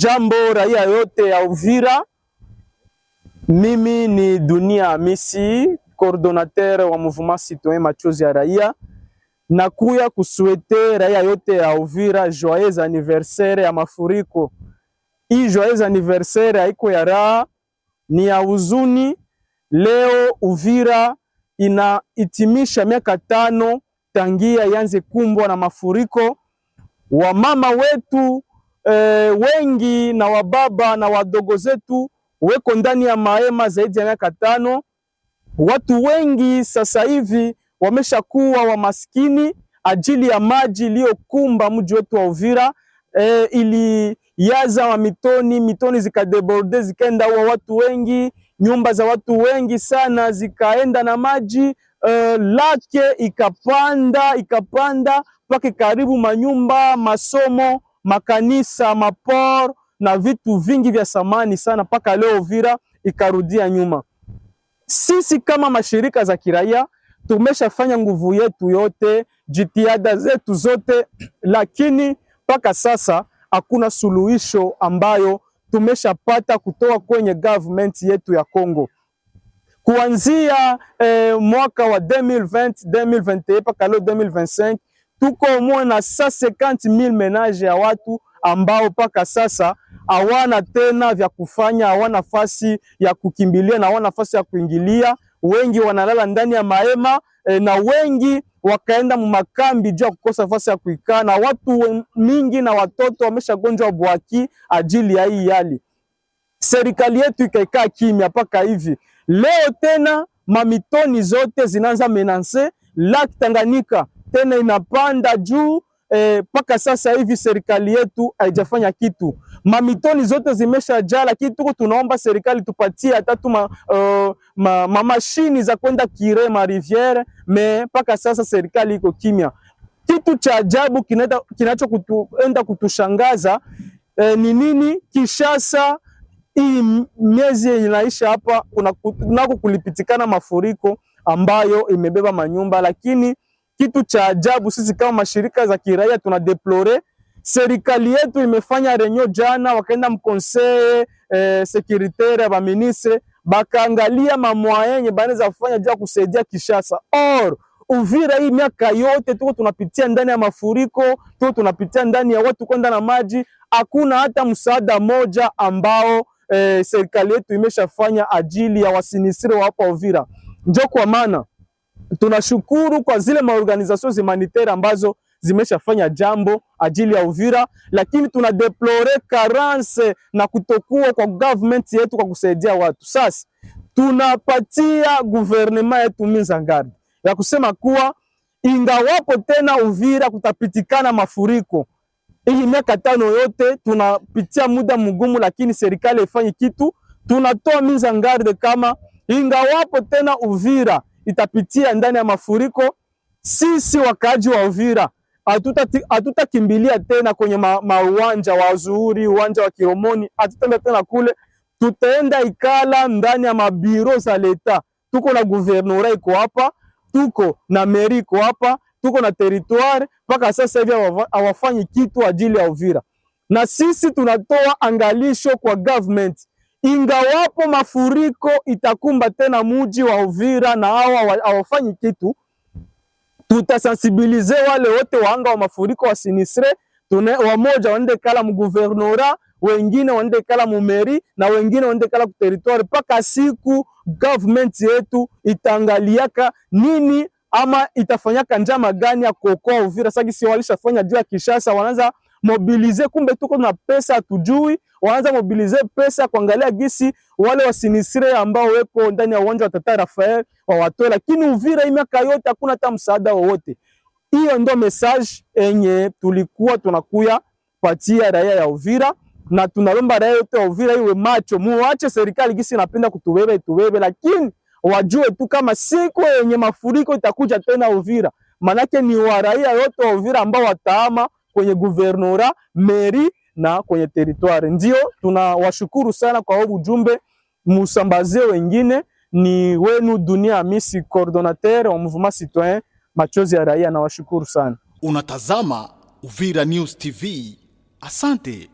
Jambo raia yote ya Uvira, mimi ni Dunia Hamisi, coordonateur wa Mouvement Citoyen Machozi ya Raia. na kuya kusuete raia yote ya Uvira joyeux anniversaire ya mafuriko. Hii joyeux anniversaire haiko ya raha, ni ya huzuni. Leo Uvira inahitimisha miaka tano tangia yanze kumbwa na mafuriko. Wamama wetu e, wengi na wababa na wadogo zetu weko ndani ya mahema zaidi ya miaka tano. Watu wengi sasa hivi wameshakuwa maskini ajili ya maji iliyokumba mji wetu wa Uvira. E, yaza wa mitoni mitoni zikadeborde zikaenda wa watu wengi, nyumba za watu wengi sana zikaenda na maji e, lake ikapanda ikapanda mpaka karibu manyumba masomo makanisa, maporo na vitu vingi vya samani sana, mpaka leo Uvira ikarudia nyuma. Sisi kama mashirika za kiraia tumeshafanya nguvu yetu yote, jitihada zetu zote, lakini mpaka sasa hakuna suluhisho ambayo tumeshapata kutoka kwenye government yetu ya Kongo kuanzia eh, mwaka wa 2020 2021 mpaka leo 2025 tuko mwe na 150,000 menaje ya watu ambao mpaka sasa hawana tena vya kufanya, hawana nafasi ya kukimbilia na hawana nafasi ya kuingilia. Wengi wanalala ndani ya mahema e, na wengi wakaenda mumakambi juu ya kukosa nafasi ya kuikaa, na watu mingi na watoto wameshagonjwa bwaki ajili ya hii hali. Serikali yetu ikaikaa kimya mpaka hivi leo, tena mamitoni zote zinaanza menanse la Tanganyika tena inapanda juu eh, mpaka eh, sasa hivi serikali yetu haijafanya kitu. Mamitoni zote zimeshajaa, lakini tuko tunaomba serikali tupatie hata tu ma, uh, ma, ma mashini za kwenda kire ma riviere me, mpaka sasa serikali iko kimya. Kitu cha ajabu kinachoenda kutu, kutushangaza e, ni nini? Kishasa hii miezi inaisha hapa kunako kulipitikana mafuriko ambayo imebeba manyumba lakini kitu cha ajabu, sisi kama mashirika za kiraia tuna deplore serikali yetu imefanya renyo jana, wakaenda mkonse eh, sekuritaire ba ministre bakaangalia mamwayenye banaweza kufanya juu ya kusaidia Kishasa or Uvira. Hii miaka yote tuko tunapitia ndani ya mafuriko, tuko tunapitia ndani ya watu kwenda na maji, hakuna hata msaada moja ambao eh, serikali yetu imeshafanya ajili ya wasinisiri wa hapa Uvira. Njo kwa maana tunashukuru kwa zile maorganizasyon humanitaire ambazo zimeshafanya jambo ajili ya Uvira, lakini tuna deplore karanse na kutokuwa kwa government yetu kwa kusaidia watu. Sasa tunapatia guvernema yetu mizangardi ya kusema kuwa ingawapo tena Uvira kutapitikana mafuriko hii miaka tano yote tunapitia muda mgumu, lakini serikali ifanyi kitu. Tunatoa mizangarde kama ingawapo tena Uvira itapitia ndani ya mafuriko, sisi wakaaji wa Uvira hatutakimbilia tena kwenye ma, mauwanja wa Zuhuri, uwanja wa Kiromoni, hatutaenda tena kule, tutaenda ikala ndani ya mabiro za leta. Tuko na guvernora iko hapa, tuko na meri iko hapa, tuko na teritoire. Mpaka sasa hivi hawafanyi kitu ajili ya Uvira, na sisi tunatoa angalisho kwa government ingawapo mafuriko itakumba tena muji wa Uvira na hawa hawafanyi kitu, tutasensibilize wale wote waanga wa mafuriko wa sinistre tune, wamoja waende kala mguvernora, wengine waende kala mumeri na wengine waende kala kuteritoire, mpaka siku government yetu itangaliaka nini ama itafanyaka njama gani ya kuokoa Uvira. Sasa walishafanya juu ya Kishasa, wanaanza mobilize. Kumbe tuko na pesa hatujui, waanza mobilize pesa kuangalia gisi wale wasinisire ambao weko ndani ya uwanja wa Tata Rafael wawatoe, lakini Uvira hii miaka yote hakuna hata msaada wowote. Hiyo ndo message enye tulikuwa tunakuya patia raia ya Uvira na tunalomba raia yote ya Uvira iwe macho, muache serikali gisi inapenda kutubebe itubebe, lakini wajue tu kama siku yenye mafuriko itakuja tena Uvira, manake ni waraia yote wa Uvira ambao wataama kwenye guvernora, meri na kwenye teritwari. Ndio tunawashukuru sana kwa huu ujumbe, musambazie wengine. Ni wenu Dunia amisi coordinateur wa Mouvement Citoyen Machozi ya Raia, nawashukuru sana. Unatazama Uvira News TV, asante.